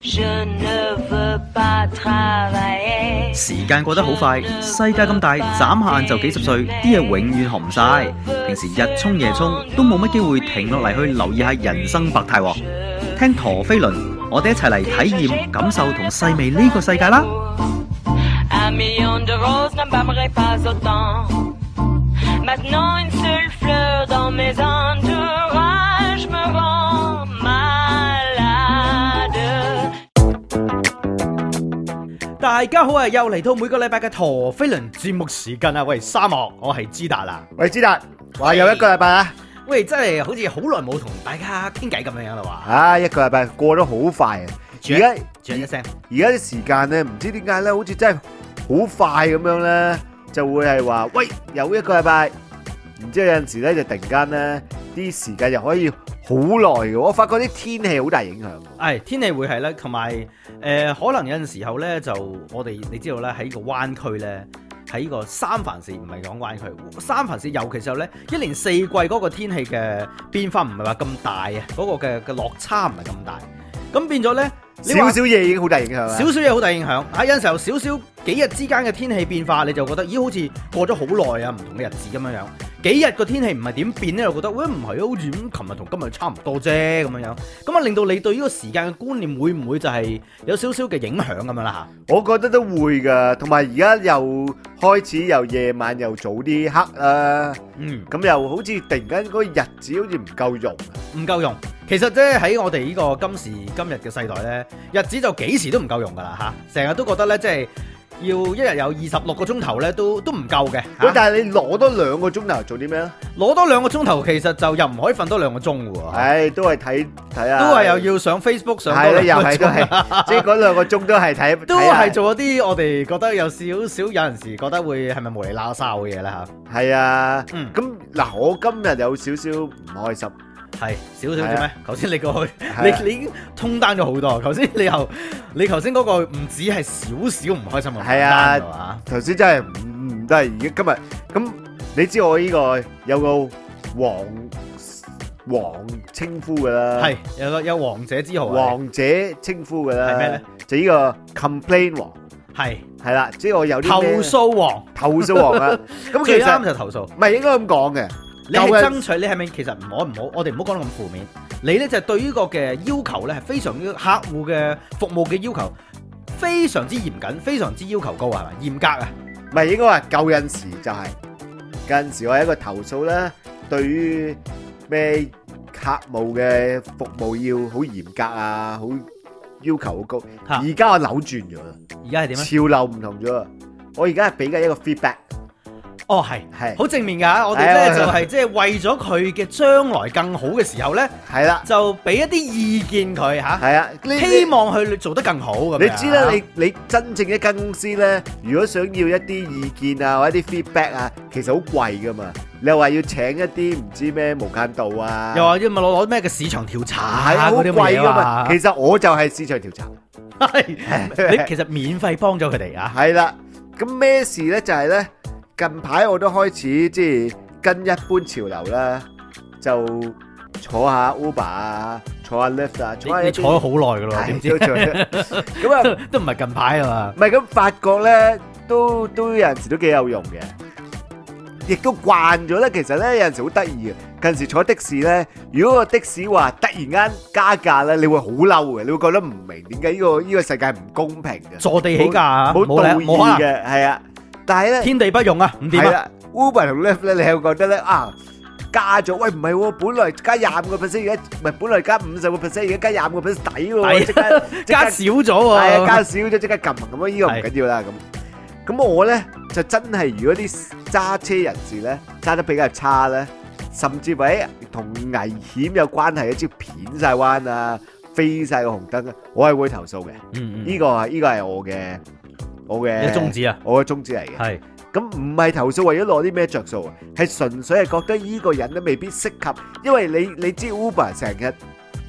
時間過得好快，世界咁大，眨下眼就幾十歲，啲嘢永遠紅晒。平時日沖夜沖，都冇乜機會停落嚟去留意下人生百態。聽陀飛輪，我哋一齊嚟體驗、感受同細味呢個世界啦！大家好啊！又嚟到每個禮拜嘅陀飛輪節目時間啊！喂，沙漠，我係朱達啦！喂，朱達，哇，又一個禮拜啊！喂，真係好似好耐冇同大家傾偈咁樣啦，話啊，一個禮拜過咗好快啊！而家轉一聲，而家啲時間咧，唔知點解咧，好似真係好快咁樣咧，就會係話喂，又一個禮拜。然之後有陣時咧，就突然間咧，啲時間又可以好耐嘅。我發覺啲天氣好大影響。係、哎、天氣會係咧，同埋誒，可能有陣時候咧，就我哋你知道咧，喺個灣區咧，喺呢個三藩市唔係講灣區，三藩市尤其時候咧，一年四季嗰個天氣嘅變化唔係話咁大嘅，嗰、嗰個嘅嘅落差唔係咁大，咁變咗咧。少少嘢已經好大影響啦，少少嘢好大影響。有陣時候少少幾日之間嘅天氣變化，你就覺得咦，好似過咗好耐啊，唔同嘅日子咁樣樣。幾日個天氣唔係點變咧，我覺得喂，唔係好似咁琴日同今日差唔多啫咁樣樣。咁啊，令到你對呢個時間嘅觀念會唔會就係有少少嘅影響咁樣啦吓？我覺得都會噶，同埋而家又開始又夜晚又早啲黑啦。嗯，咁又好似突然間嗰個日子好似唔夠用，唔夠用。其實咧即係喺我哋呢個今時今日嘅世代咧，日子就幾時都唔夠用噶啦吓，成日都覺得咧，即係要一日有二十六個鐘頭咧，都都唔夠嘅。喂，但係你攞多兩個鐘頭做啲咩啊？攞多兩個鐘頭，其實就又唔可以瞓多兩個鐘嘅。唉，都係睇睇啊，都係又要上 Facebook 上。係啦，又係都係，即係嗰兩個鐘都係睇，都係做一啲我哋覺得有少少，有陣時覺得會係咪無厘鬧騷嘅嘢啦吓。係啊，咁嗱，我今日有少少唔開心。係少少啫咩？頭先你過去，你你已經通單咗好多。頭先你又，你頭先嗰個唔止係少少唔開心啊！係啊，頭先真係唔唔得。而家今日咁，你知我呢個有個王王稱呼㗎喇，係有個有王者之號，王者稱呼㗎喇。係咩咧？就呢個 Complain 王，係係啦，即係我有投訴王，投訴王啦。咁其實啱就投訴，唔係應該咁講嘅。你係爭取，你係咪其實唔好唔好？我哋唔好講咁負面。你咧就係、對呢個嘅要求咧，係非常嘅客戶嘅服務嘅要求，要求非常之嚴謹，非常之要求高，係嘛？嚴格啊，唔係應該話舊陣時就係、係，近陣時我係一個投訴咧，對於咩客務嘅服務要好嚴格啊，好要求好高。而家我扭轉咗啦，而家係點咧？潮流唔同咗，我而家係俾緊一個 feedback。哦，係，係，好正面噶，我哋咧就係即係為咗佢嘅將來更好嘅時候咧，係啦，就俾一啲意見佢吓，係啊，希望佢做得更好咁。你知啦，你你真正一間公司咧，如果想要一啲意見啊或者啲 feedback 啊，其實好貴噶嘛。你話要請一啲唔知咩無間道啊，又話要問攞攞咩嘅市場調查，好貴噶嘛。其實我就係市場調查，你其實免費幫咗佢哋啊。係啦，咁咩事咧就係咧。近排我都開始即係跟一般潮流啦，就坐下 Uber 啊，坐下 lift 啊，坐一一坐咗好耐噶啦，咁啊、哎？都唔係 樣近排啊嘛，唔係咁發覺咧，都都有陣時都幾有用嘅，亦都慣咗咧。其實咧有陣時好得意嘅，近時坐的士咧，如果個的士話突然間加價咧，你會好嬲嘅，你會覺得唔明點解呢個呢、呢個世界唔公平嘅，坐地起價，冇沒道義理，嘅，係啊。但係咧，天地不容啊！唔掂啊！Uber 同 Lyft，你又覺得咧啊？加咗喂，唔係喎，本來加廿五個 percent 而家，唔係本來加五十個 percent 而家加廿五個 percent 抵喎，即刻加少咗喎。係啊，加少咗即刻撳咁樣啊！呢個唔緊要啦，咁咁我咧就真係如果啲揸車人士咧揸得比較差咧，甚至係同危險有關係嘅，即係偏晒彎啊，飛晒個紅燈啊，我係會投訴嘅。呢個係呢個係我嘅。我嘅宗旨啊，我嘅宗旨嚟嘅。係，咁唔係投訴為咗攞啲咩著數啊？係純粹係覺得依個人都未必適合，因為你你知 Uber 成日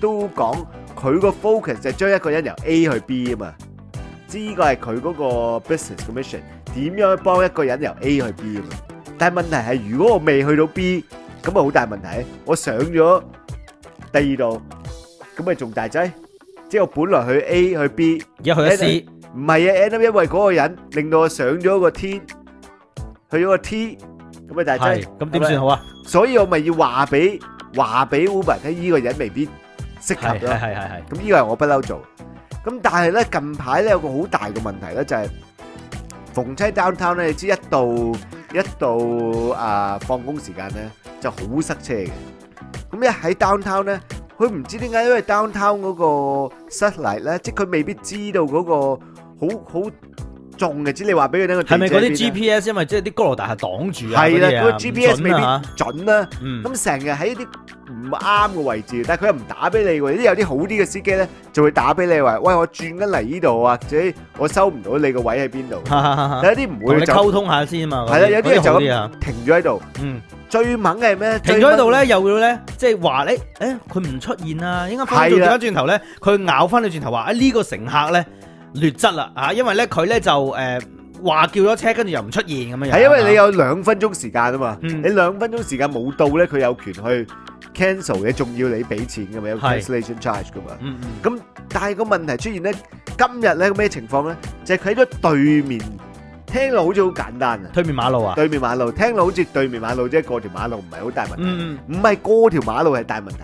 都講佢個 focus 就係將一個人由 A 去 B 啊嘛。知依個係佢嗰個 business 嘅 mission，點樣幫一個人由 A 去 B 啊嘛？但係問題係，如果我未去到 B，咁啊好大問題。我上咗第二度，咁咪仲大劑，即係我本來去 A 去 B，一去一 C。唔係啊，因為嗰個人令到我上咗個天，去咗個天，咁啊，但係咁點算好啊？所以我咪要話俾話俾 Uber 睇呢個人未必適合咯，係係係係。咁呢個係我不嬲做。咁但係咧近排咧有個好大嘅問題咧就係，逢妻 downtown 咧，你知一到一到啊放工時間咧就好塞車嘅。咁一喺 downtown 咧，佢唔知點解，因為 downtown 嗰個失禮咧，即係佢未必知道嗰個。好好重嘅，只你話俾佢聽個。係咪嗰啲 GPS？因為即係啲高樓大廈擋住啊。係啦，嗰個 GPS 未必準啦。咁成日喺啲唔啱嘅位置，但係佢又唔打俾你。有啲有啲好啲嘅司機咧，就會打俾你話：，喂，我轉緊嚟呢度啊，或者我收唔到你個位喺邊度。有啲唔會溝通下先嘛。係啦，有啲就停咗喺度。嗯，最猛嘅係咩？停咗喺度咧，又要咧，即係話你，誒，佢唔出現啊，應該翻轉頭咧，佢咬翻你轉頭話：，啊呢個乘客咧。劣質啦，嚇，因為咧佢咧就誒話叫咗車，跟住又唔出現咁樣。係因為你有兩分鐘時間啊嘛，你兩分鐘時間冇到咧，佢有權去 cancel 嘅，仲要你俾錢噶嘛，有 Cancellation Charge 噶嘛。咁但係個問題出現咧，今日咧咩情況咧？就佢喺咗對面，聽落好似好簡單啊。對面馬路啊？對面馬路，聽落好似對面馬路，即係過條馬路唔係好大問題。嗯嗯，唔係過條馬路係大問題。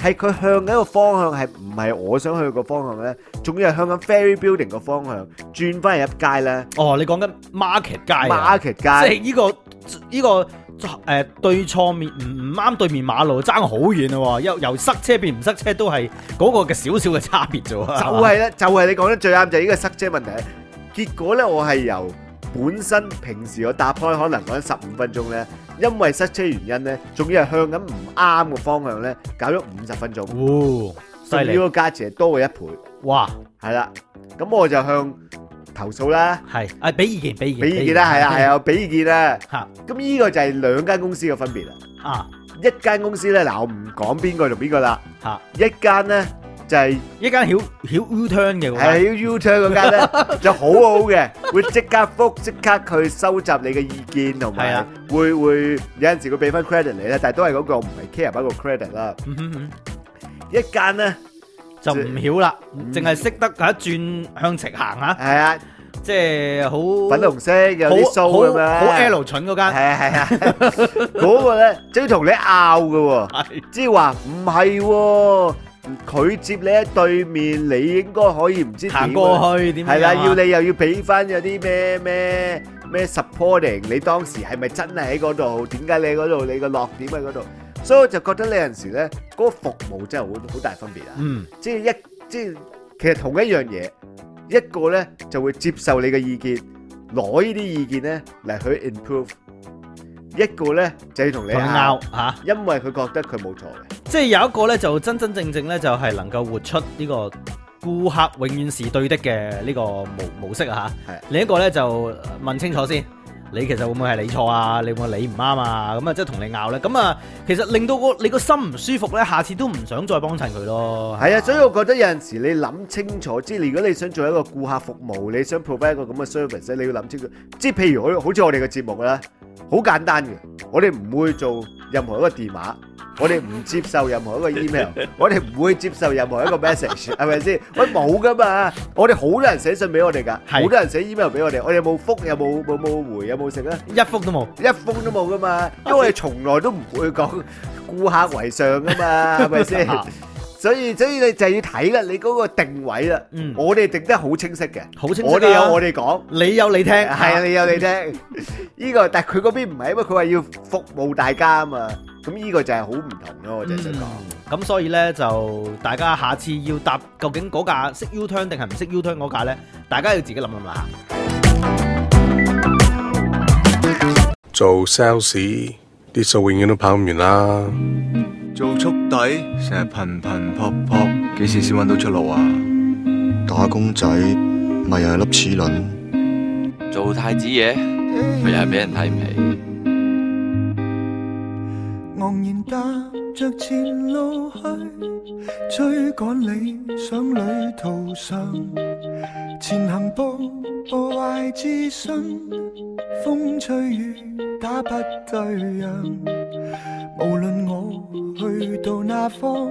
係佢向緊一個方向係唔係我想去個方向咧？仲要係向緊 Ferry Building 個方向轉翻入街咧？哦，你講緊 Market 街、Market 街，即係呢個呢個誒對錯面唔唔啱對面馬路爭好遠啊，又由塞車變唔塞車都係嗰個嘅少少嘅差別咗啊！就係、是、啦，就係你講得最啱就係呢個塞車問題。結果咧，我係由本身平時我搭開可能講緊十五分鐘咧。因為塞車原因咧，仲要係向緊唔啱個方向咧，搞咗五十分鐘。哇、哦！犀利，呢個價錢係多過一倍。哇！係啦，咁我就向投訴啦。係，誒，俾意見，俾意見，俾意見啦。係啊，係啊，俾意見啊。吓了，咁呢是個就係兩間公司嘅分別啦。啊是，一間公司咧，嗱，我唔講邊個同邊個啦。吓是，一間咧。就係一間曉曉 Uturn 嘅，係 UUturn 嗰間咧就好好嘅，會即刻覆即刻去收集你嘅意見同埋，會會有陣時佢俾翻 credit 你咧，但係都係嗰個唔係 care 翻個 credit 啦。一間咧就唔曉啦，淨係識得佢一轉向直行啊！係啊，即係好粉紅色有啲鬚咁樣，好 L 蠢嗰間，係啊，係啊，嗰個咧即係同你拗㗎喎，即係話唔係喎。佢接你喺對面，你應該可以唔知點過去點係啦，要你又要俾翻有啲咩咩咩 supporting。你當時係咪真係喺嗰度？點解你嗰度你個落點喺嗰度？所以我就覺得有陣時咧，呢個服務真係好好大分別啊。嗯，即係一即係其實同一樣嘢，一個咧就會接受你嘅意見，攞呢啲意見咧嚟去 improve。一個呢，就要同你拗吓，啊、因為佢覺得佢冇錯嘅，即係有一個呢，就真真正正呢，就係能夠活出呢個顧客永遠是對的嘅呢個模模式啊吓。是的 另一個呢，就問清楚先，你其實會唔會係你錯啊？你會唔會係你唔啱啊？咁啊，即係同你拗呢？咁啊，其實令到個你個心唔舒服呢，下次都唔想再幫襯佢咯。係啊，所以我覺得有陣時你諗清楚，即係如果你想做一個顧客服務，你想 provide 一個咁嘅 service，你要諗清楚。即係譬如好，好似我哋嘅節目啦。好簡單嘅，我哋唔會做任何一個電話，我哋唔接受任何一個 email， 我哋唔會接受任何一個 message，係咪先？喂，冇噶嘛，我哋好多人寫信俾我哋噶，好的多人寫 email 俾我哋，我哋冇覆？有冇冇冇回？有冇食啊？一,一封都冇，一封都冇噶嘛，Okay. 因為我哋從來都唔會講顧客為上噶嘛，係咪先？ 所以所以你就要睇啦，你嗰個定位啦。嗯，我哋定得好清晰嘅，好清晰。我哋有我哋講，你有你聽，係啊，你有你聽。呢個但佢嗰邊唔係，因為佢話要服務大家啊嘛。咁呢個就係好唔同咯，我真係識講。咁所以咧，就大家下次要搭，究竟嗰架識 U turn 定係唔識 U turn 嗰架咧？大家要自己諗諗啦。做 sales 啲數永遠都跑唔完啦。做速遞成日頻頻撲撲，幾時先搵到出路啊？打工仔咪又係粒齒輪，做太子爺咪又係畀人睇唔起，昂然家。 着前路去，追趕理想，旅途上，前行步步懷自信，風吹雨打不退讓，無論我去到哪方。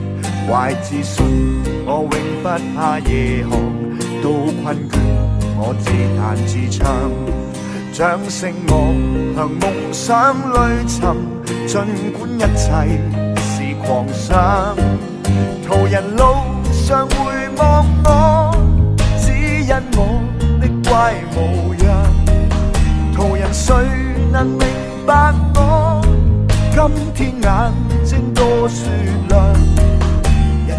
懷自信，我永不怕夜航；到困倦，我自彈自唱。掌聲我向夢想裡尋，盡管一切是狂想。途人路上回望我，只因我的怪模樣。途人誰能明白我？今天眼睛多雪亮。.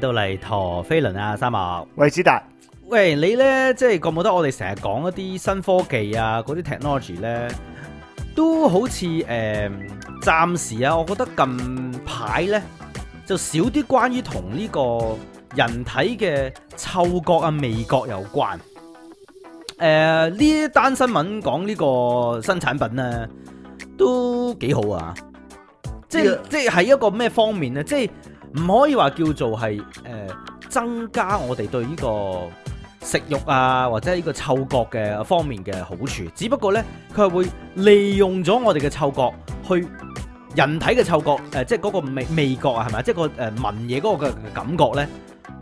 到嚟陀飛輪啊，三毛，韋子達，達喂，你咧，即係覺唔覺得我哋成日講一啲新科技啊，嗰啲 technology 咧，都好似誒，暫、呃、時啊，我覺得近排咧就少啲關於同呢個人體嘅嗅覺啊、味覺有關。誒、呃，呢一單新聞講呢個新產品咧，都幾好啊，即係、這個、即係係一個咩方面咧，即係。唔可以話叫做係誒、呃、增加我哋對呢個食欲啊，或者呢個嗅覺嘅方面嘅好處，只不過咧佢係會利用咗我哋嘅嗅、嗅覺，去人體嘅嗅覺誒，即係個味味覺啊，係咪啊，即係個誒聞嘢，個嘅感覺咧，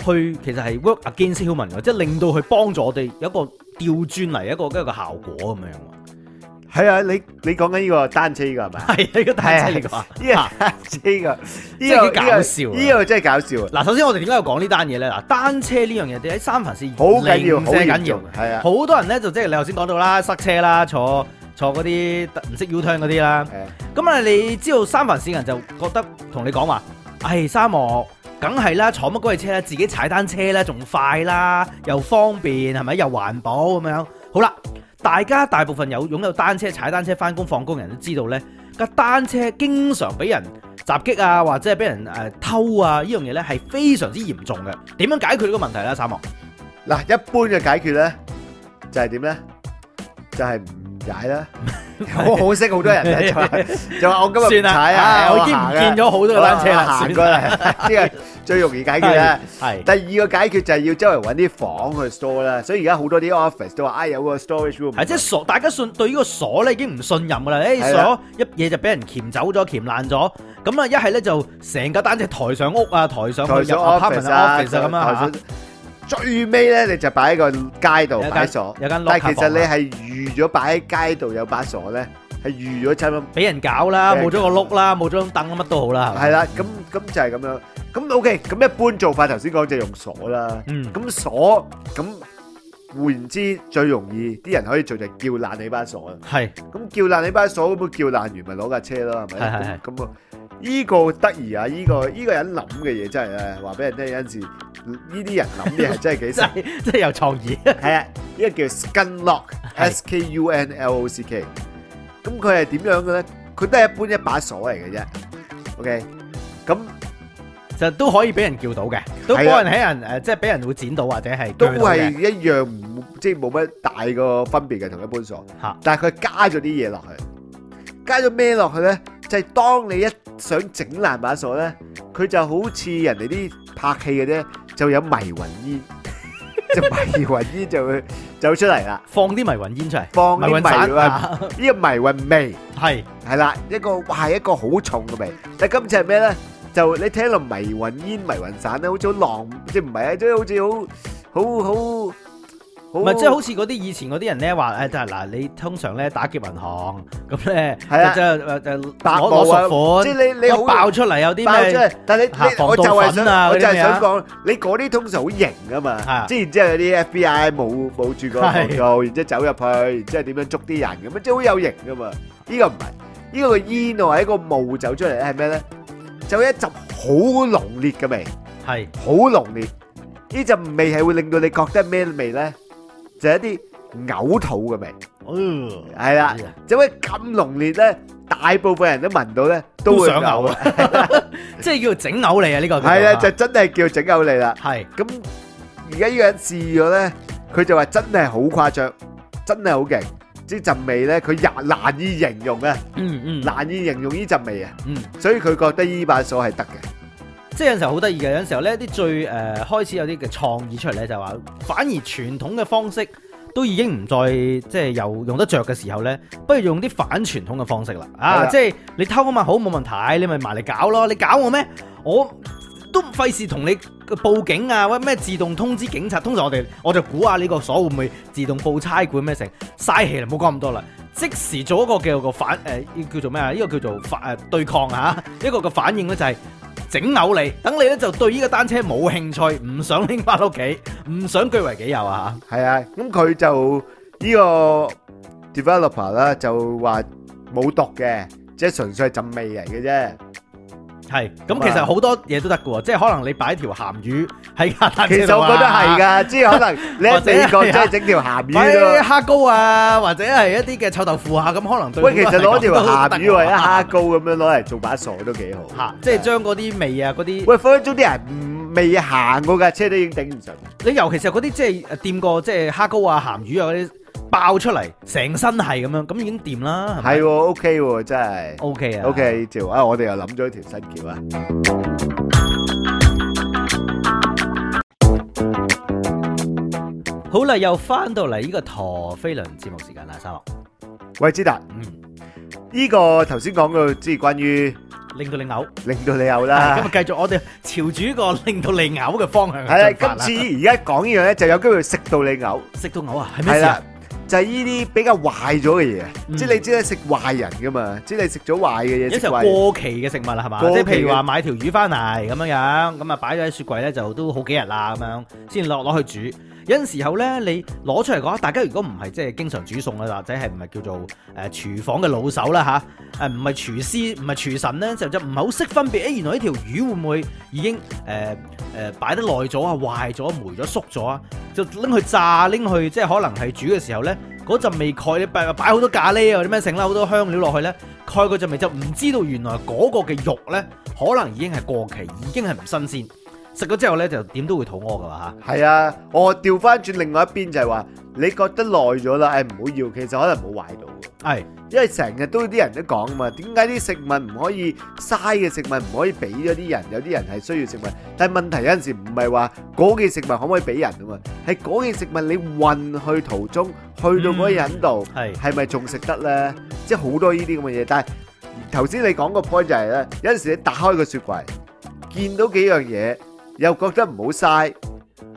去其實係 work against human 聞嘅，即係令到佢幫助我哋有一個調轉嚟一個一個效果咁樣。係啊，你你講緊呢個單車噶係咪？係呢個單車嚟噶，呢個單車噶，呢個好搞笑，呢個真係搞笑。嗱，首先我哋點解要講呢單嘢咧？嗱，單車呢樣嘢，你喺三藩市好緊要，好嚴重！係啊，好多人咧就即係你頭先講到啦，塞車啦，坐坐嗰啲唔識 U turn 嗰啲啦。咁啊，你知道三藩市人就覺得同你講話，唉，沙漠梗係啦，坐乜鬼嘢車咧？自己踩單車咧仲快啦，又方便係咪？又環保咁樣。好啦。大家大部分有擁有單車踩單車翻工、放工人都知道呢架單車經常俾人襲擊啊，或者係俾人誒偷啊，呢樣嘢，呢係非常之嚴重嘅。點樣解決呢個問題呢？三毛嗱，一般嘅解決呢就係點呢？就係唔。解啦，好可惜好多人嘅，就話我今日算啦踩啊，我已經唔見咗好多個單車行過嚟，呢個最容易解決啦。係第二個解決就係要周圍揾啲房去 store 啦，所以而家好多啲 office 都話啊有個 storage room。啊，即係鎖，大家信對呢個鎖咧已經唔信任噶啦，誒鎖一嘢就俾人鉗走咗，鉗爛咗，咁啊一係咧就成個單車抬上屋啊，抬上去入 office office 咁啊。最尾咧，你就擺喺個街度擺鎖，但係其實你係預咗擺喺街度有把鎖咧，係預咗差唔多俾人搞啦，冇咗個碌啦，冇咗個燈乜都好啦，係咪？係啦，咁咁就係咁樣，咁 O K，咁一般做法頭先講就用鎖啦，嗯，咁鎖咁換言之最容易啲人可以做就叫爛你把鎖，係，咁叫爛你把鎖，咁叫爛完咪攞架車咯，係咪？係係係，咁啊。依個得意啊！依、這個依、這個人諗嘅嘢真係誒，話俾人聽有陣時，呢啲人諗嘅係真係幾犀利，真係有創意。係啊，呢個叫 Skin Lock，S K U 是 N L O C K。咁佢係點樣嘅咧？佢都係一般一把鎖嚟嘅啫。OK，咁其實都可以俾人叫到嘅，都冇人喺人誒，啊、即係俾人會剪到或者係都係一樣，即係冇乜大個分別嘅同一般鎖。吓的， 但係佢加咗啲嘢落去。加咗咩落去咧？就係、是、當你一想整爛把鎖咧，佢就好似人哋啲拍戲嘅啫，就有迷魂煙，就 迷魂煙就會走出嚟啦。放啲迷魂煙出嚟，放啲迷，迷魂散呢、啊、個迷魂味係係 啦，一個哇係一個好重嘅味。但係今次係咩咧？就你聽到迷魂煙、迷魂散咧，好似好浪，即係唔係啊？即、就、係、是、好似好好好。唔係，即係好似嗰啲以前嗰啲人咧話誒，即係嗱，你通常咧打劫銀行咁咧，即係誒攞攞贖款，即係你你爆出嚟有啲，但係我就係想，我就係想講，你嗰啲通常好型噶嘛，即係然之後有啲 FBI 冇冇住個門口，然之後走入去，然之後點樣捉啲人咁樣，即係好有型噶嘛。依個唔係，依個個煙呢係一個霧走出嚟咧，係咩咧？就一陣好濃烈嘅味，係好濃烈。呢陣味係會令到你覺得咩味咧？就一啲嘔吐嘅味，哦，係啦的，因為咁濃烈咧，嗯、大部分人都聞到咧，都會想嘔啊！ 即係叫整嘔嚟啊！呢個係啦，就真係叫整嘔嚟啦。係咁的，而家呢個人試咗咧，佢就話真係好誇張，真係好勁，味呢陣味咧，佢也難以形容啊！嗯嗯，難以形容呢陣味啊！嗯，所以佢覺得呢把鎖係得嘅。即係有陣時候好得意嘅，有陣時候呢啲最誒、呃、開始有啲嘅創意出嚟呢，就係話反而傳統嘅方式都已經唔再即係又用得着嘅時候呢，不如用啲反傳統嘅方式啦。啊，啊即係你偷啊嘛好冇問題，你咪埋嚟搞咯。你搞我咩？我都費事同你報警啊，或者咩自動通知警察。通常我哋我就估下呢個鎖會唔會自動報差館咩成嘥氣啦，唔好講咁多啦。即時做一個叫做反誒、呃，叫做咩啊？呢、這個叫做反誒、呃、對抗吓，一、啊這個嘅反應呢就係、是。整嘔你，等你咧就對呢個單車冇興趣，唔想拎翻屋企，唔想據為己有啊！吓，係啊，咁、這、佢、個 er、就呢個 developer 啦，就話冇毒嘅，即係純粹係浸味嚟嘅啫。係，咁其實好多嘢都得嘅喎，即係可能你擺條鹹魚喺架單車度、啊啊、其實我覺得係噶，即係可能你整個即係整條鹹魚啊，蝦膏 啊，或者係一啲嘅臭豆腐啊，咁可能對。喂，其實攞條鹹魚或者蝦膏咁樣攞嚟做把鎖都幾好，吓、嗯，即係將嗰啲味啊，嗰啲、啊。喂，快啲，啲人未行嗰架車都已經頂唔順，你尤其是嗰啲即係掂過即係蝦膏啊、鹹魚啊嗰啲。爆出嚟，成身係咁樣，咁已經掂啦。係，OK，真係。OK 啊，OK，朝啊，我哋又諗咗一條新橋啊。好啦，又翻到嚟呢個陀飛輪節目時間啦，陳樂，喂，之達。嗯，呢個頭先講到即係關於令到你嘔，令到你嘔啦。咁啊，繼續我哋朝住呢個令到你嘔嘅方向係啦。今次而家講呢樣咧，就有機會食到你嘔，食到嘔啊？係咩事？就係呢啲比較壞咗嘅嘢，嗯、即係你知啦，食壞人㗎嘛，即係你食咗壞嘅嘢，一條過期嘅食物啦，係嘛？期即係譬如話買條魚翻嚟咁樣樣，咁啊擺咗喺雪櫃咧，就都好幾日啦，咁樣先落落去煮。有陣時候咧，你攞出嚟講，大家如果唔係即係經常煮餸啊，或者係唔係叫做誒廚房嘅老手啦吓，誒唔係廚師唔係廚神咧，就只唔係好識分別。誒、欸、原來呢條魚會唔會已經誒誒擺得耐咗啊，壞咗、霉咗、縮咗啊，就拎去炸，拎去即係可能係煮嘅時候咧，嗰陣味蓋你擺好多咖喱啊，或者咩剩啦好多香料落去咧，蓋嗰陣味就唔知道原來嗰個嘅肉咧，可能已經係過期，已經係唔新鮮。食咗之後咧，就點都會肚餓噶嘛吓。係啊，我調翻轉另外一邊就係話，你覺得耐咗啦，誒唔好要，其實可能冇壞到。係，因為成日都有啲人都講啊嘛，點解啲食物唔可以嘥嘅食物唔可以俾咗啲人？有啲人係需要食物，但係問題有陣時唔係話嗰件食物可唔可以俾人啊嘛，係嗰件食物你運去途中，去到嗰個人度，係係咪仲食得咧？即係好多呢啲咁嘅嘢。但係頭先你講個 point 就係咧，有陣時你打開個雪櫃，見到幾樣嘢。又覺得唔好嘥。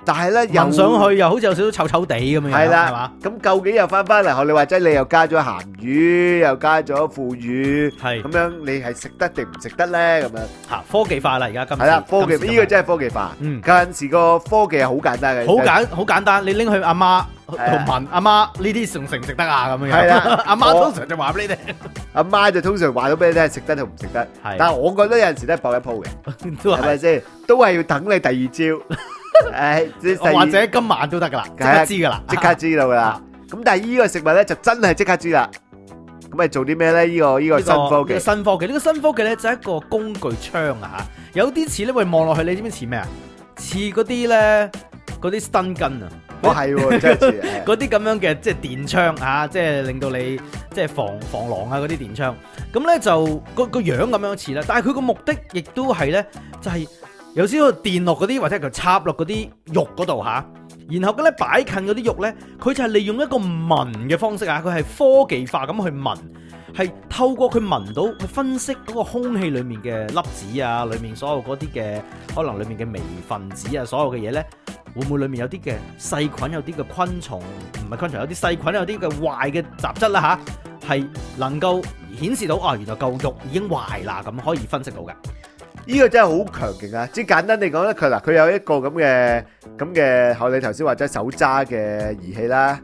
但係咧，聞上去又好似有少少臭臭地咁樣，係啦，係嘛？咁究竟又翻翻嚟，學你話齋，你又加咗鹹魚，又加咗腐乳，係咁樣，你係食得定唔食得咧？咁樣嚇，科技化啦，而家咁，係啦，科技呢個真係科技化。嗯，有陣時個科技係好簡單嘅，好簡好簡單。你拎去阿媽同問阿媽呢啲仲食唔食得啊？咁樣，係啦，阿媽通常就話俾你聽，阿媽就通常話咗俾你聽，食得同唔食得。係，但係我覺得有陣時都係搏一鋪嘅，係咪先？都係要等你第二招。誒，哎就是，或者今晚都得噶啦，即刻知噶啦，即刻知道噶啦。咁、啊、但係呢個食物咧就真係即刻知啦。咁咪做啲咩咧？呢、這個呢、這個、個新科技，這個、新科技呢個新科技咧就是，一個工具槍啊吓，有啲似咧，喂望落去，你知唔知似咩啊？似嗰啲咧，嗰啲 s t 啊、哦，係， 真係似嗰啲咁樣嘅即係電槍啊，即係令到你即係防防狼啊嗰啲電槍。咁咧就、那個、那個那個那個樣咁樣似啦，但係佢個目的亦都係咧，就係、是就是。有少少電落嗰啲，或者佢插落嗰啲肉嗰度吓，然後嘅咧擺近嗰啲肉呢，佢就係利用一個聞嘅方式啊，佢係科技化咁去聞，係透過佢聞到去分析嗰個空氣裏面嘅粒子啊，裏面所有嗰啲嘅可能裏面嘅微分子啊，所有嘅嘢呢，會唔會裏面有啲嘅細菌，有啲嘅昆蟲，唔係昆蟲，有啲細菌，有啲嘅壞嘅雜質啦吓，係能夠顯示到啊、哦，原來舊肉已經壞啦，咁可以分析到嘅。呢個真係好強勁啊！即係簡單嚟講咧，佢嗱佢有一個咁嘅咁嘅，學你頭先話隻手揸嘅儀器啦。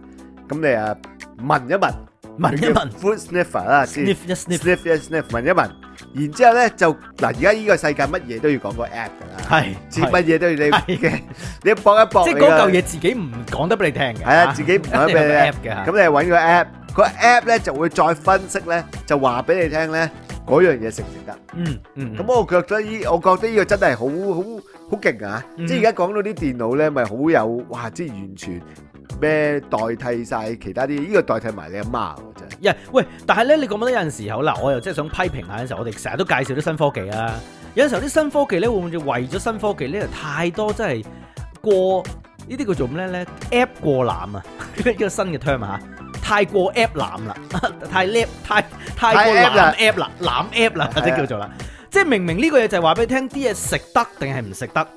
咁你啊聞一聞，聞一聞，food sniffer 啦，先，sniff 一 sniff，sniff 一 sniff，聞一聞。然之後咧就嗱，而家依個世界乜嘢都要講個 app 㗎啦，係，乜嘢都要你嘅，你要搏一搏。即係嗰嚿嘢自己唔講得俾你聽嘅。係啊，自己唔講得俾你聽嘅 app 嘅。咁你係揾個 app，個 app 咧就會再分析咧，就話俾你聽咧。嗰樣嘢食唔食得？嗯，嗯嗯，咁我覺得呢我覺得呢個真係好好好勁啊，嗯！即係而家講到啲電腦咧，咪好有哇！即係完全咩代替晒其他啲，呢、呢個代替埋你阿媽㗎真。呀喂，但係咧，你講到有陣時候啦，我又真係想批評下嘅時候，我哋成日都介紹啲新科技啊。有陣時候啲新科技咧，會唔會為咗新科技咧太多，真係過呢啲叫做咩咧？App 過濫啊， 一個新嘅 term 嚇。太過 app 濫啦，太叻，太太過濫 app 啦，濫 app 啦，即係是的 或者叫做啦。是的 即係明明呢個嘢就係話俾你聽，啲嘢食得定係唔食得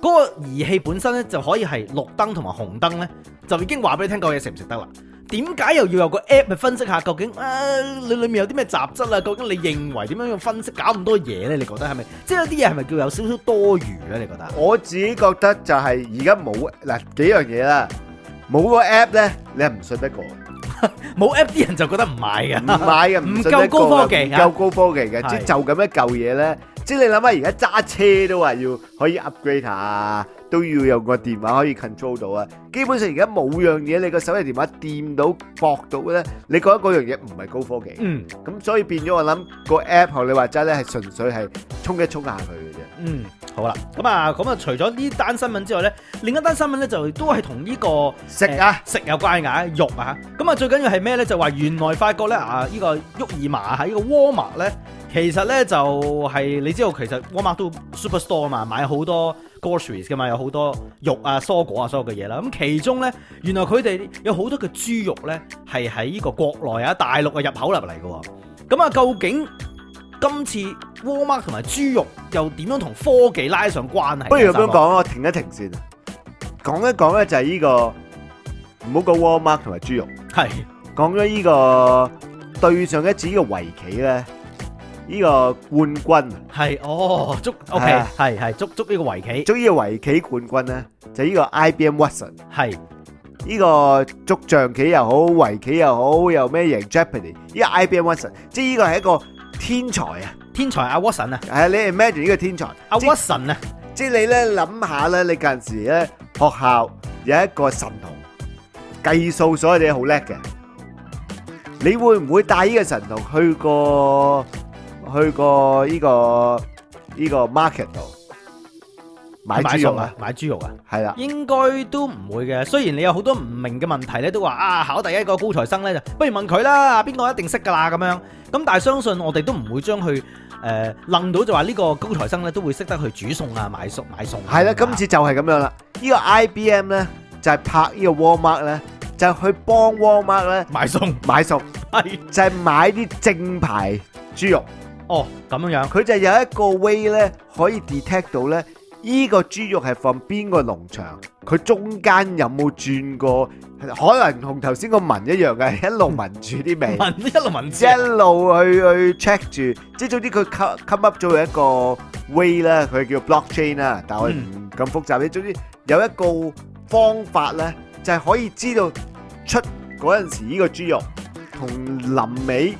嗰個儀器本身咧，就可以係綠燈同埋紅燈咧，就已經話俾你聽，個嘢食唔食得啦。點解又要有個 app 去分析下，究竟啊你裏面有啲咩雜質啊？究竟你認為點樣去分析，搞咁多嘢咧？你覺得係咪？即係有啲嘢係咪叫有少少多餘咧？你覺得？我自己覺得就係而家冇嗱幾樣嘢啦，冇個 app 咧，你係唔信得過。冇 app 啲人就覺得唔買嘅，唔買嘅，唔夠高科技，唔夠高科技嘅是的，即係就咁一嚿嘢咧，即係你諗下而家揸車都話要可以 upgrade 下。都要有個電話可以 control 到啊！基本上而家冇樣嘢你個手提電話掂到搏到咧，你覺得嗰樣嘢唔係高科技？嗯，咁所以變咗我諗個 app 學你話齋咧，係純粹係充一充下佢嘅啫。嗯，好啦，咁啊，咁啊，除咗呢單新聞之外咧，另一單新聞咧就都係同呢個食啊食有關嘅肉啊，咁啊最緊要係咩咧？就話原來發覺咧啊，呢個沃爾瑪喺呢個沃瑪咧，其實咧就係你知道其實沃瑪都 superstore 啊嘛，買好多。groceries 嘅嘛，有好多肉啊、蔬果啊，所有嘅嘢啦。咁其中咧，原來佢哋有好多嘅豬肉咧，係喺呢個國內啊、大陸嘅、啊、入口入嚟嘅。咁、嗯、啊，究竟今次 Walmart 同埋豬肉又點樣同科技拉上關係？不如咁講，啊，停一停先，講一講咧就係呢、這個唔好講 Walmart 同埋豬肉，係講咗呢個對上一子嘅圍棋咧。呢個冠軍係哦，捉 OK，係係是、啊、捉捉呢個圍棋，捉呢個圍棋冠軍咧，就呢、是、個 IBM Watson 係呢是個捉象棋又好，圍棋又好，又咩贏 Jeopardy 呢個 IBM Watson，即係呢個係一個天才啊！天才阿、啊、Watson 啊，啊，係你 imagine 呢個天才阿、啊、Watson 啊即，即係你咧諗下咧，你隔陣時咧學校有一個神童，計數所有嘢好叻嘅，你會唔會帶呢個神童去過？去過呢個呢個 market 度買豬肉啊，買豬肉啊，係啦，應該都唔會嘅。雖然你有好多唔明嘅問題咧，都話啊，考第一個高材生咧，就不如問佢啦。啊，邊個一定識噶啦咁樣。咁但係相信我哋都唔會將佢誒，諗、呃、到就話呢個高材生咧都會識得去煮餸啊，買餸買餸。係啦的，今次就係咁樣啦。這個、呢個 IBM 咧就係、是、拍呢個 Walmart 咧，就是、去幫 Walmart 咧買餸買餸，係就係買啲正牌豬肉。哦，咁樣樣，佢就有一個 way 咧，可以 detect 到咧，依個豬肉係放邊個農場，佢中間有冇轉過，可能同頭先個聞一樣嘅，一路聞住啲味，聞一路聞住，一路去去 check 住，即係總之佢 come up 咗有一個 way 啦，佢叫 blockchain 啦，但係我唔咁複雜啲，總之有一個方法咧，就係可以知道出嗰陣時依個豬肉同臨尾。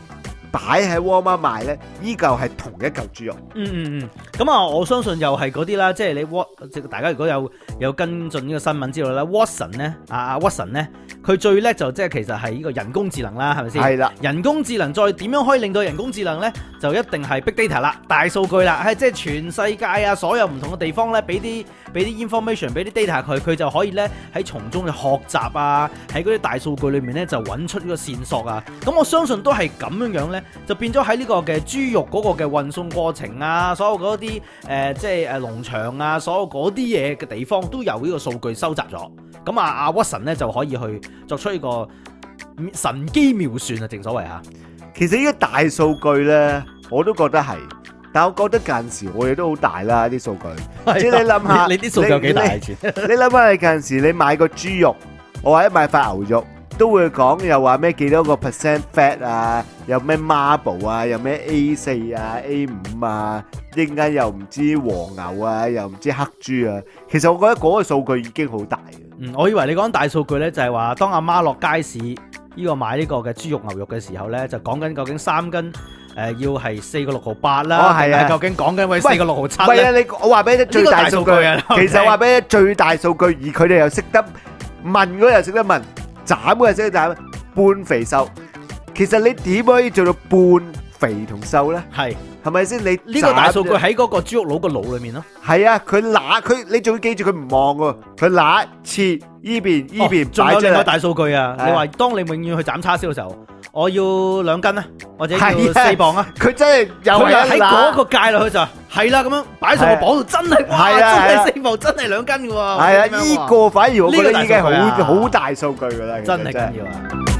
擺喺沃媽賣咧，依舊係同一嚿豬肉。嗯嗯嗯，咁、嗯、啊、嗯嗯嗯嗯，我相信又係嗰啲啦，即係你 Wat，即大家如果有有跟進呢個新聞之類啦，Watson 咧，啊，Watson 咧。佢最叻就即係其實係呢個人工智能啦，係咪先？係啦，人工智能再點樣可以令到人工智能呢？就一定係 Big Data 啦，大數據啦，係即係全世界啊，所有唔同嘅地方呢，俾啲俾啲 information，俾啲 data 佢，佢就可以呢，喺從中去學習啊，喺嗰啲大數據裏面呢，就揾出呢個線索啊。咁我相信都係咁樣樣呢，就變咗喺呢個嘅豬肉嗰個嘅運送過程啊，所有嗰啲誒即係誒農場啊，所有嗰啲嘢嘅地方都有呢個數據收集咗。咁啊，阿 Watson 呢，就可以去。作出一個神機妙算啊，正所謂吓。其實呢個大數據咧，我都覺得係。但係我覺得近時我哋都好大啦，啲數據。即係你諗下，你啲數據有幾大？你諗下，你近時你買個豬肉，我或者買塊牛肉，都會講又話咩幾多個 percent fat 啊，又咩 marble 啊，又咩 A 四啊、A 五啊，一陣間又唔知黃牛啊，又唔知黑豬啊。其實我覺得嗰個數據已經好大。嗯，我以為你講大數據咧，就係話當阿媽落街市呢個買呢個嘅豬肉、牛肉嘅時候咧，就講緊究竟三斤誒、呃、要係四個六毫八啦。哦，係啊，究竟講緊喂四個六毫七。唔係啊，你我話俾你最大數據啊。據其實話俾你最大數據， 而佢哋又識得問嘅又識得問，斬嘅又識得斬，半肥瘦。其實你點可以做到半肥同瘦咧？係。係咪先？你呢個大數據喺嗰個豬肉佬個腦裏面咯。係啊，佢揦佢，你仲要記住佢唔望喎。佢揦切呢邊呢邊，仲有另外大數據啊。你話當你永遠去斬叉燒嘅時候，我要兩斤啊，或者要四磅啊。佢真係有喺嗰個界落去就係啦，咁樣擺上個磅度，真係哇，真係四磅，真係兩斤嘅喎。係啊，呢個反而我覺得已經好好大數據噶啦，真係緊要啊。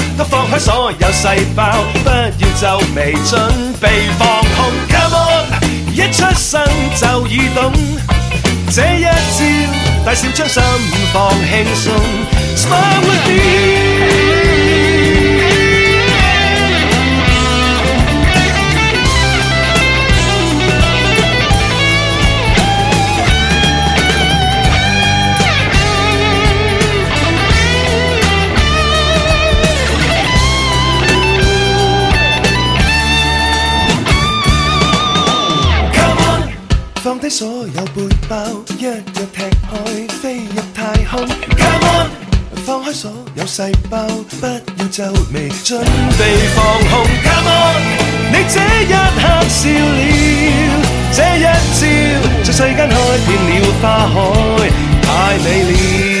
放開所有細胞，不要皺眉，準備放空。Come on，一出生就已懂，這一招大笑將心放輕鬆。Smile and be。 細胞不要皺眉，準備放空。Come on，你這一刻笑了，這一朝在世間開遍了花海，太美了。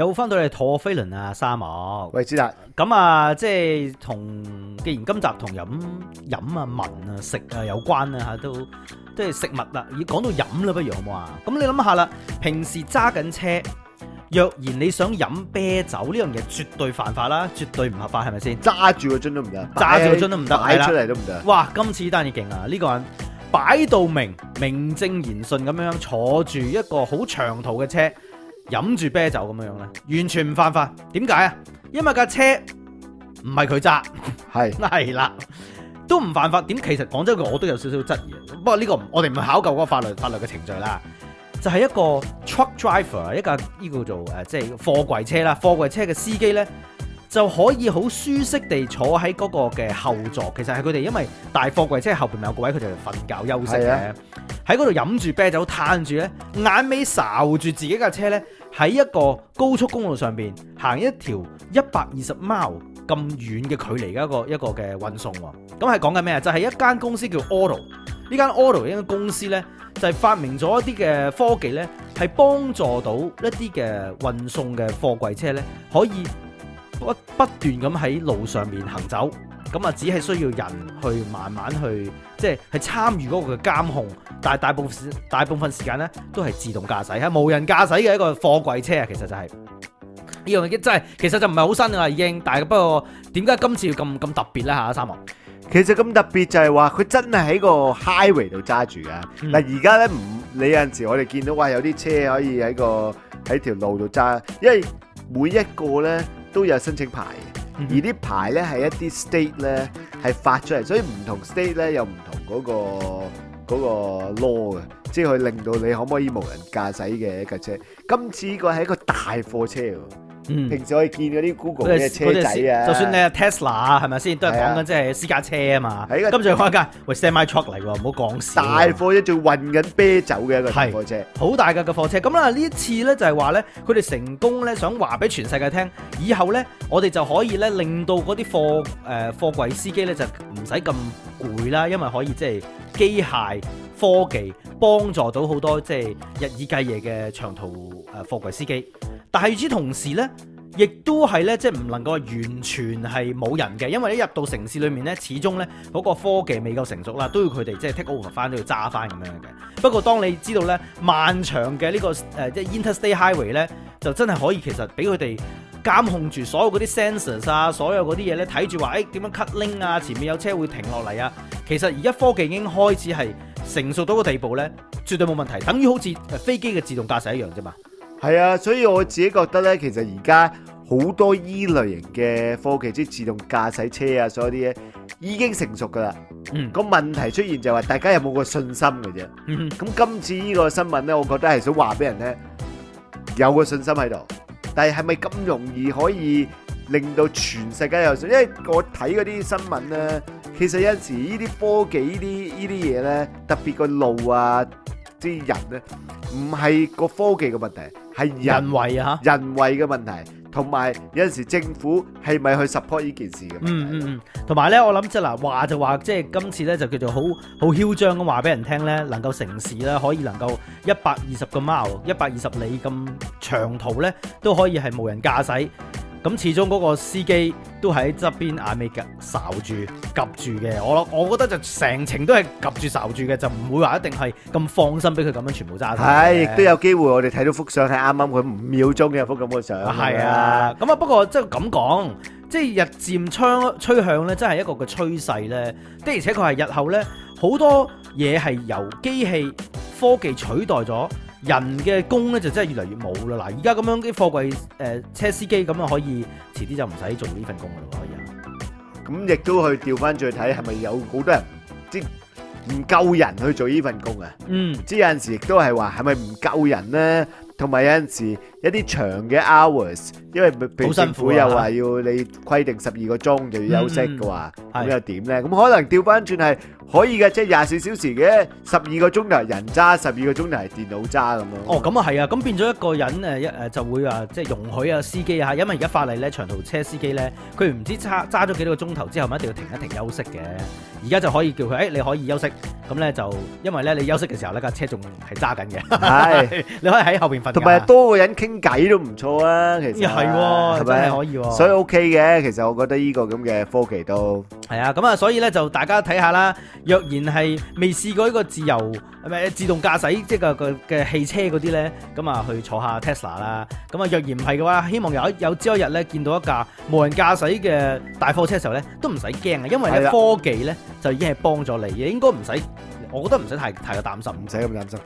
有翻到嚟陀飛輪啊，沙漠喂，知啦咁啊，即係同，既然今集同飲飲啊、聞啊、食啊有關啊，吓都即係食物啦。要講到飲啦，好不如好冇啊？咁、嗯、你諗下啦，平時揸緊車，若然你想飲啤酒呢樣嘢，絕對犯法啦，絕對唔合法，係咪先？揸住個樽都唔得，揸住個樽都唔得，擺出嚟都唔得。哇！今次依單嘢勁啊，呢、這個人擺到明，明正名正名言順咁樣坐住一個好長途嘅車。飲住啤酒咁樣樣咧，完全唔犯法。點解啊？因為架車唔係佢揸，係係啦，都唔 犯法。點？其實講真句，我都有少少質疑。不過呢個我哋唔係考究嗰個法律法律嘅程序啦，就係、是、一個 truck driver，一架呢、這個、叫做誒即係貨櫃車啦，貨櫃車嘅司機咧就可以好舒適地坐喺嗰個嘅後座。其實係佢哋因為大貨櫃車後邊有個位，佢哋瞓覺休息嘅，喺嗰度飲住啤酒，嘆住咧，眼尾睄住自己架車咧。喺一個高速公路上面行一條一百二十 mile 咁遠嘅距離嘅一個一個嘅運送、哦，咁係講緊咩啊？就係、是、一間公司叫 Auto，呢間 Auto 呢間公司呢，就係、是、發明咗一啲嘅科技呢係幫助到一啲嘅運送嘅貨櫃車呢可以不不斷咁喺路上面行走。咁啊，只係需要人去慢慢去，即係係參與嗰個監控，但係大部分大部分時間咧都係自動駕駛嚇，無人駕駛嘅一個貨櫃車啊，其實就係呢樣嘢真係其實就唔係好新啦，已經，但係不過點解今次要咁咁特別咧嚇？三毛其實咁特別就係話佢真係喺個 highway 度揸住啊！嗱而家咧唔，你有陣時我哋見到哇，有啲車可以喺個喺條路度揸，因為每一個咧都有申請牌嘅。而啲牌咧係一啲 state 咧係發出嚟，所以唔同 state 咧有唔同嗰、那個那個 law 嘅，即係令到你可唔可以無人駕駛嘅一架車。今次呢個係一個大貨車喎。嗯，平時可以見嗰啲 Google 嘅車仔啊，就算你係 Tesla 啊，係咪先都係講緊即係私家車啊嘛。係，今次開架喂 Semi Truck 嚟喎，唔好講曬。大貨一仲運緊啤酒嘅一個貨車，好大架嘅貨車。咁啦，呢一次咧就係話咧，佢哋成功咧想話俾全世界聽，以後咧我哋就可以咧令到嗰啲貨誒、呃、貨櫃司機咧就唔使咁攰啦，因為可以即係機械科技幫助到好多即係日以繼夜嘅長途。誒貨櫃司機，但係與此同時呢，亦都係呢，即係唔能夠完全係冇人嘅，因為一入到城市裏面呢，始終呢嗰個科技未夠成熟啦，都要佢哋即係 take over 翻都要揸翻咁樣嘅。不過當你知道呢，漫長嘅呢、這個誒即、呃、係 interstate highway 呢，就真係可以其實俾佢哋監控住所有嗰啲 sensors 啊，所有嗰啲嘢呢，睇住話，誒、哎、點樣 cut link 啊，前面有車會停落嚟啊，其實而家科技已經開始係成熟到個地步呢，絕對冇問題，等於好似誒飛機嘅自動駕駛一樣啫嘛。係啊，所以我自己覺得咧，其實而家好多依類型嘅科技，即係自動駕駛車啊，所有啲嘢已經成熟噶啦。個問題出現就係大家有冇個信心嘅啫。咁今次依個新聞咧，我覺得係想話俾人聽，有個信心喺度。但係係咪咁容易可以令到全世界有信心？因為我睇嗰啲新聞咧，其實有陣時依啲科技、依啲依啲嘢咧，特別個路啊，啲人咧，唔係個科技嘅問題。係人，人為啊，人為嘅問題，同埋、啊、有陣時政府係咪去 support 呢件事嘅、嗯？嗯嗯嗯，同埋呢，我諗即係嗱，話就話，即係今次呢，就叫做好好囂張咁話俾人聽呢，能夠城市呢，可以能夠一百二十個咪，一百二十里咁長途呢都可以係無人駕駛。咁始終嗰個司機都喺側邊眼尾嘅睄住 𥄫 住嘅，我我覺得就成程都係 𥄫 住睄住嘅，就唔會話一定係咁放心俾佢咁樣全部揸曬。係、哎，亦都有機會我剛剛。我哋睇到幅相係啱啱佢五秒鐘嘅幅咁嘅相。係啊，咁啊不過即係咁講，即係日漸趨趨向咧，真係一個嘅趨勢咧。的而且確係日後咧好多嘢係由機器科技取代咗。人嘅工咧就真係越嚟越冇啦，嗱而家咁樣啲貨櫃誒、呃、車司機咁樣可以，遲啲就唔使做呢份工噶啦可以啊。咁亦都去調翻轉睇係咪有好多人即唔夠人去做呢份工啊？嗯，即有陣時亦都係話係咪唔夠人咧？同埋有陣時一啲長嘅 hours，因為好辛苦，又話要你規定十二個鐘就要休息嘅話，咁、嗯嗯、又點咧？咁的可能調翻轉係。可以嘅，即係廿四小時嘅，十二個鐘頭人揸，十二個鐘頭係電腦揸咁樣。哦，咁啊係啊，咁變咗一個人誒一誒就會啊即係容許啊司機啊，因為而家法例咧長途車司機咧，佢唔知揸揸咗幾多個鐘頭之後，咪一定要停一停休息嘅。而家就可以叫佢誒，你可以休息，咁咧就因為咧你休息嘅時候咧架車仲係揸緊嘅，係你可以喺後邊瞓。同埋多個人傾偈都唔錯啊，其實係係咪可以，所以 OK 嘅，其實我覺得呢個咁嘅科技都係啊，咁啊，所以咧就大家睇下啦。若然係未試過呢個自由係咪自動駕駛即係個嘅汽車嗰啲呢，咁啊去坐下 Tesla 啦。咁啊若然唔係嘅話，希望有有朝一日呢，見到一架無人駕駛嘅大貨車時候呢，都唔使驚啊，因為呢科技呢，就已經係幫咗你嘅，應該唔使，我覺得唔使太太多擔、擔心，唔使咁擔心。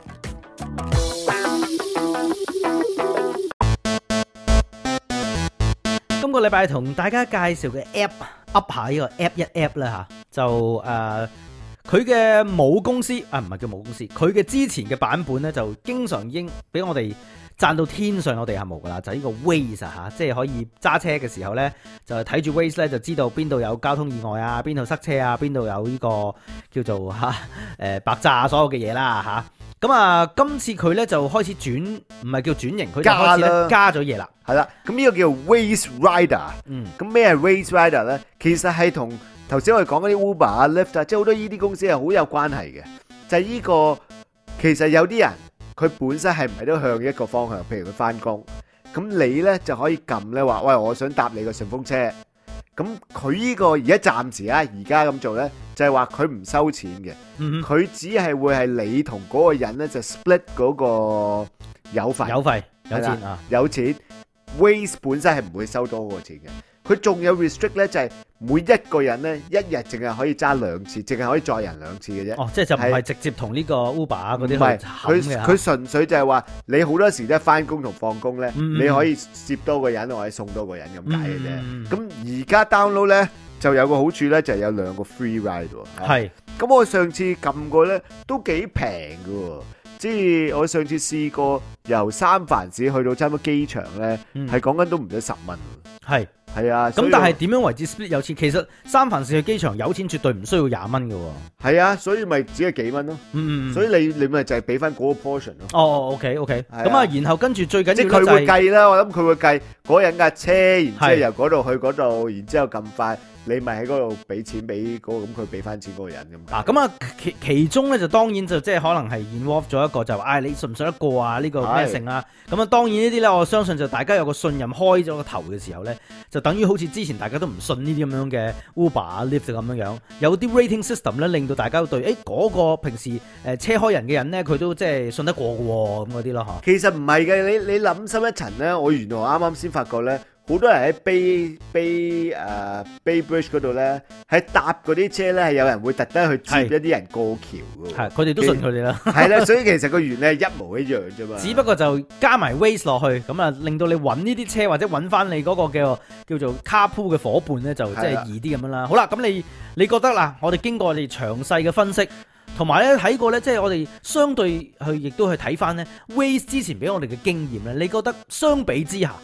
今個禮拜同大家介紹嘅 app，up 下呢個 app 一 app 啦吓，就、呃、誒。佢嘅母公司啊，唔係叫母公司，佢嘅之前嘅版本呢，就經常應俾我哋賺到天上有地下冇噶啦，就係、是、呢個 Waze 吓、啊，即係可以揸車嘅時候呢，就睇住 Waze 呢，就知道邊度有交通意外、這個、啊，邊度塞車啊，邊度有呢個叫做吓誒白炸所有嘅嘢啦吓。咁啊，啊，今次佢呢，就開始轉，唔係叫轉型，佢就開始加咗嘢啦。係啦，咁呢、這個叫 Waze Rider。嗯，咁咩係 Waze Rider 呢？其實係同。頭先我哋講嗰啲 Uber 啊、Lyft 啊，即係好多依啲公司係好有關係嘅。就係呢個，其實有啲人佢本身係唔係都向一個方向，譬如佢翻工。咁你咧就可以撳咧話，喂，我想搭你個順風車。咁佢呢個而家暫時啊，而家咁做咧，就係話佢唔收錢嘅。佢、嗯、哼只係會係你同嗰個人咧就 split 嗰個油費、油費、有錢啊、有錢。Waze 本身係唔會收多個錢嘅。佢仲有 restrict 咧，就係每一個人咧，一日淨係可以揸兩次，淨係可以載人兩次嘅啫。哦，即係就唔係直接同呢個 Uber 啊嗰啲去行嘅。唔係，佢佢純粹就係話你好多時都係翻工同放工咧，你可以接多個人或者送多個人咁解嘅啫。咁而家 download 咧就有個好處咧，就係有兩個 free ride 喎。係。咁我上次撳過咧都幾平㗎喎，即係我上次試過由三藩市去到差唔多機場咧，係講緊都唔使十蚊。係。係啊，咁但係點樣為之 split 有錢？其實三藩市嘅機場有錢絕對唔需要廿蚊嘅。係啊，所以咪只係幾蚊咯。嗯，所以你你咪就係俾翻嗰個 portion 咯。哦，OK OK。咁啊，然後跟住最緊要即係佢會計啦。我諗佢會計嗰人架車，然之後由嗰度去嗰度，然之後咁快，你咪喺嗰度俾錢俾嗰個，咁佢俾翻錢嗰個人咁。啊，咁啊，其其中咧就當然就即係可能係 involve 咗一個，就唉、哎、你信唔信得過啊？呢、這個咩性啊？咁啊是，當然呢啲咧，我相信就大家有個信任，開咗個頭嘅時候咧。就等於好似之前大家都唔信呢啲咁樣嘅 Uber、Lyft 咁樣樣，有啲 rating system 咧，令到大家都對誒嗰個平時誒車開人嘅人咧，佢都即係信得過嘅喎，咁嗰啲咯嚇。其實唔係嘅，你你諗深一層咧，我原來啱啱先發覺咧。好多人喺 Bay Bay 誒、uh, Bay Bridge 嗰度咧，喺搭嗰啲車咧，係有人會特登去接一啲人過橋嘅。係，佢哋都信佢哋啦。係啦，所以其實個原理係一模一樣啫嘛。只不過就加埋 Waze 落去，咁啊令到你揾呢啲車或者揾翻你嗰個叫叫做 Carpool 嘅夥伴咧，就即係易啲咁樣啦。是的 好啦，咁你你覺得啦？我哋經過我哋詳細嘅分析，同埋咧睇過咧，即係我哋相對去亦都去睇翻咧 Waze 之前俾我哋嘅經驗咧，你覺得相比之下？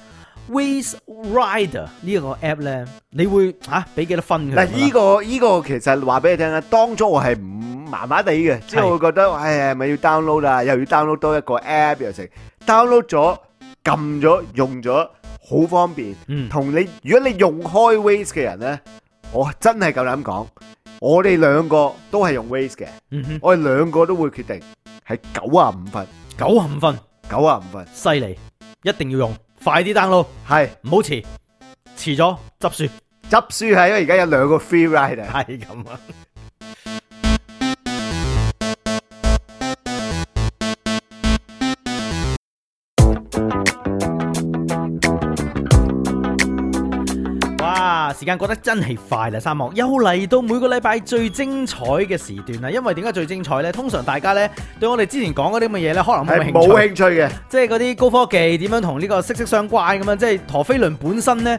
Waze Rider 呢一個 app 咧，你會吓俾幾多分？嗱，呢個呢個其實話俾你聽啊，當初我係唔麻麻地嘅，即係會覺得哎呀，咪要 download 啦，又要 download 多一個 app 又成。download 咗，撳咗，用咗，好方便。同你如果你用開 Waze 嘅人咧，我真係夠膽講，我哋兩個都係用 Waze 嘅，我哋兩個都會決定係九啊五分，九啊五分，九啊五分，犀利，一定要用。快啲 download，係唔好遲，遲咗執輸，執輸係因為而家有兩個 free rider 係咁啊。時間過得真係快啦，三毛又嚟到每個禮拜最精彩嘅時段啦。因為點解最精彩呢？通常大家呢對我哋之前講嗰啲咁嘅嘢呢，可能冇興趣嘅，趣即係嗰啲高科技點樣同呢個息息相關咁樣，即係陀飛輪本身呢。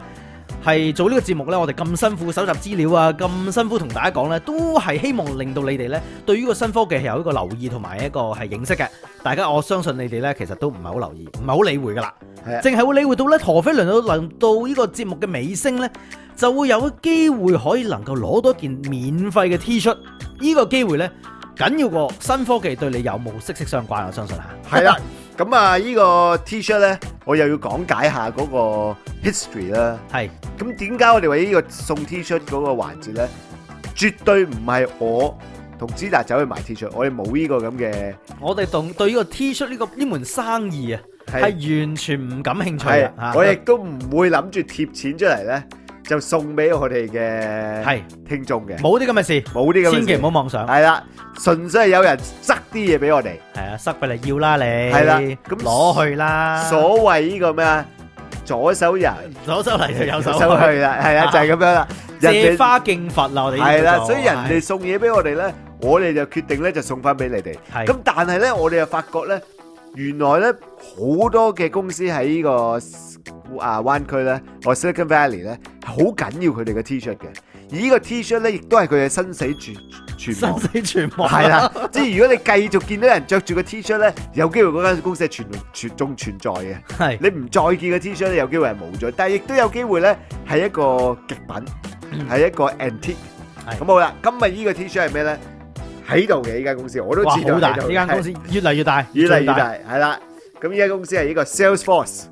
係做呢個節目呢，我哋咁辛苦搜集資料啊，咁辛苦同大家講呢，都係希望令到你哋呢，對於個新科技係有一個留意同埋一個係認識嘅。大家我相信你哋呢，其實都唔係好留意，唔係好理會噶啦，淨係的會理會到呢，陀飛輪到輪到呢個節目嘅尾聲呢，就會有機會可以能夠攞到件免費嘅 T 恤。呢、這個機會呢，緊要過新科技對你有冇息息相關，我相信吓。係啊的。 咁啊，呢個 T 恤咧，我又要講解下嗰個 history 啦。係是。咁點解我哋為呢個送 T 恤嗰個環節咧，絕對唔係我同資達走去賣 T 恤，shirt, 我哋冇呢個咁嘅。我哋同對呢個 T 恤呢個呢門生意啊，係完全唔感興趣啦。我亦都唔會諗住貼錢出嚟咧。就送俾我哋嘅係聽眾嘅，冇啲咁嘅事，冇啲咁，千祈唔好妄想。係啦，純粹係有人塞啲嘢俾我哋。係啊，塞俾你要啦，你係啦，咁攞去啦。所謂呢個咩啊？左手入，左手嚟，就右手去啦。係啦，就係咁樣啦。借花敬佛啦，我哋係啦。所以人哋送嘢俾我哋咧，我哋就決定咧就送翻俾你哋。咁但係咧，我哋又發覺咧，原來咧好多嘅公司喺呢個。啊，灣區咧，或 Silicon Valley 咧，好緊要佢哋嘅 T s h i r t 嘅。而呢個 T s h i r t 咧，亦都係佢嘅生死存存。生死存亡了。係啦， 即係如果你繼續見到人着住個 T s h i r t 咧，有機會嗰間公司係存存仲存在嘅。係是。你唔再見個 T s h i r t，你有機會係冇咗，但係亦都有機會咧係一個極品，係、嗯、一個 antique。咁是好啦，今日呢個 T s h i r t 係咩咧？喺度嘅呢間公司，我都知道。呢間公司越嚟越大，越嚟越大。係啦，咁呢間公司係一個 Salesforce。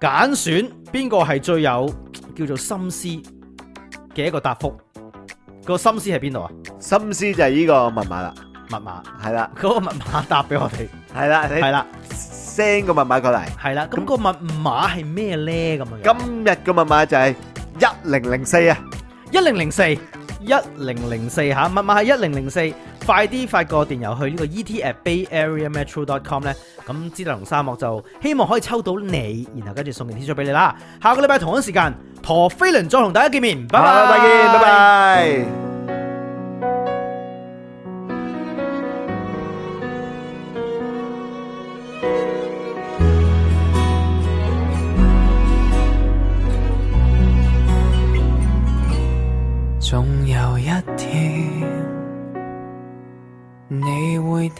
揀選邊個係最有叫做心思嘅一個答覆？個心思喺邊度啊？心思就係呢個密碼啦，密碼係啦，嗰個密碼答俾我哋係啦，係啦，send 個密碼過嚟係啦。咁個密碼係咩咧？咁啊？今日嘅密碼就係一零零四啊，一零零四，一零零四吓，密碼係一零零四。快啲發個電郵去呢個 et at bayareametro.com 咧，咁《侏羅龍沙漠》就希望可以抽到你，然後跟住送件 T 恤俾你啦。下個禮拜同一時間陀飛輪再同大家見面，拜拜，拜拜。拜拜，嗯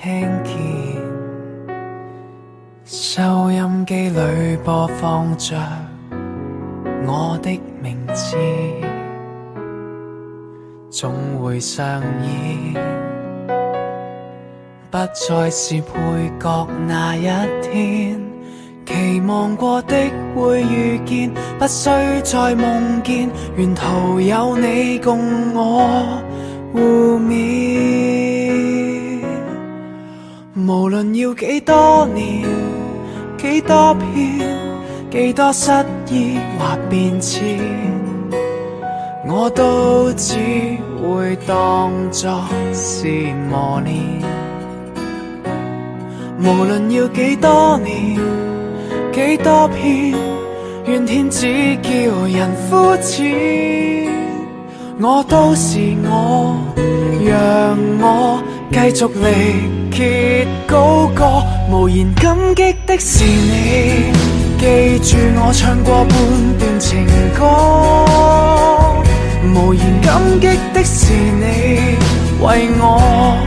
聽見收音機裏播放着我的名字，總會上演，不再是配角那一天。期望過的會遇見，不需再夢見，沿途有你共我互勉。無論要幾多年，幾多遍，幾多失意或變遷，我都只會當作是磨練。無論要幾多年，幾多遍，怨天只叫人膚淺，我都是我，讓我繼續你。結高歌，無言感激的是你，記住我唱過半段情歌。無言感激的是你，為我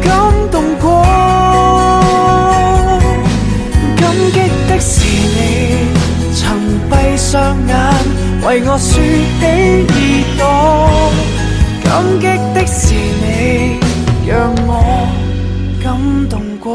感動過。感激的是你，曾閉上眼為我豎起耳朵。感激的是你，讓我。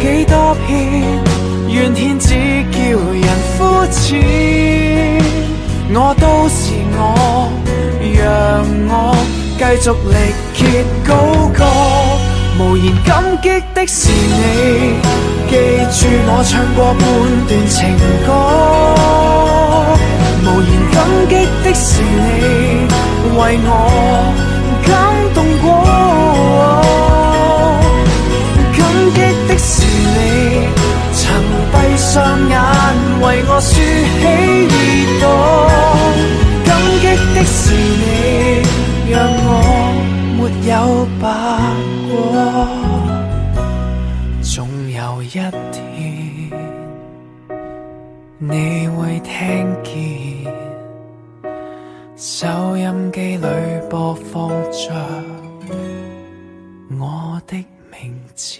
幾多遍，怨天只叫人膚淺，我都是我，讓我繼續力竭高歌。無言感激的是你，記住我唱過半段情歌。無言感激的是你，為我。雙眼為我豎起耳朵，感激的是你，讓我沒有白過。總有一天，你會聽見收音機裏播放着我的名字。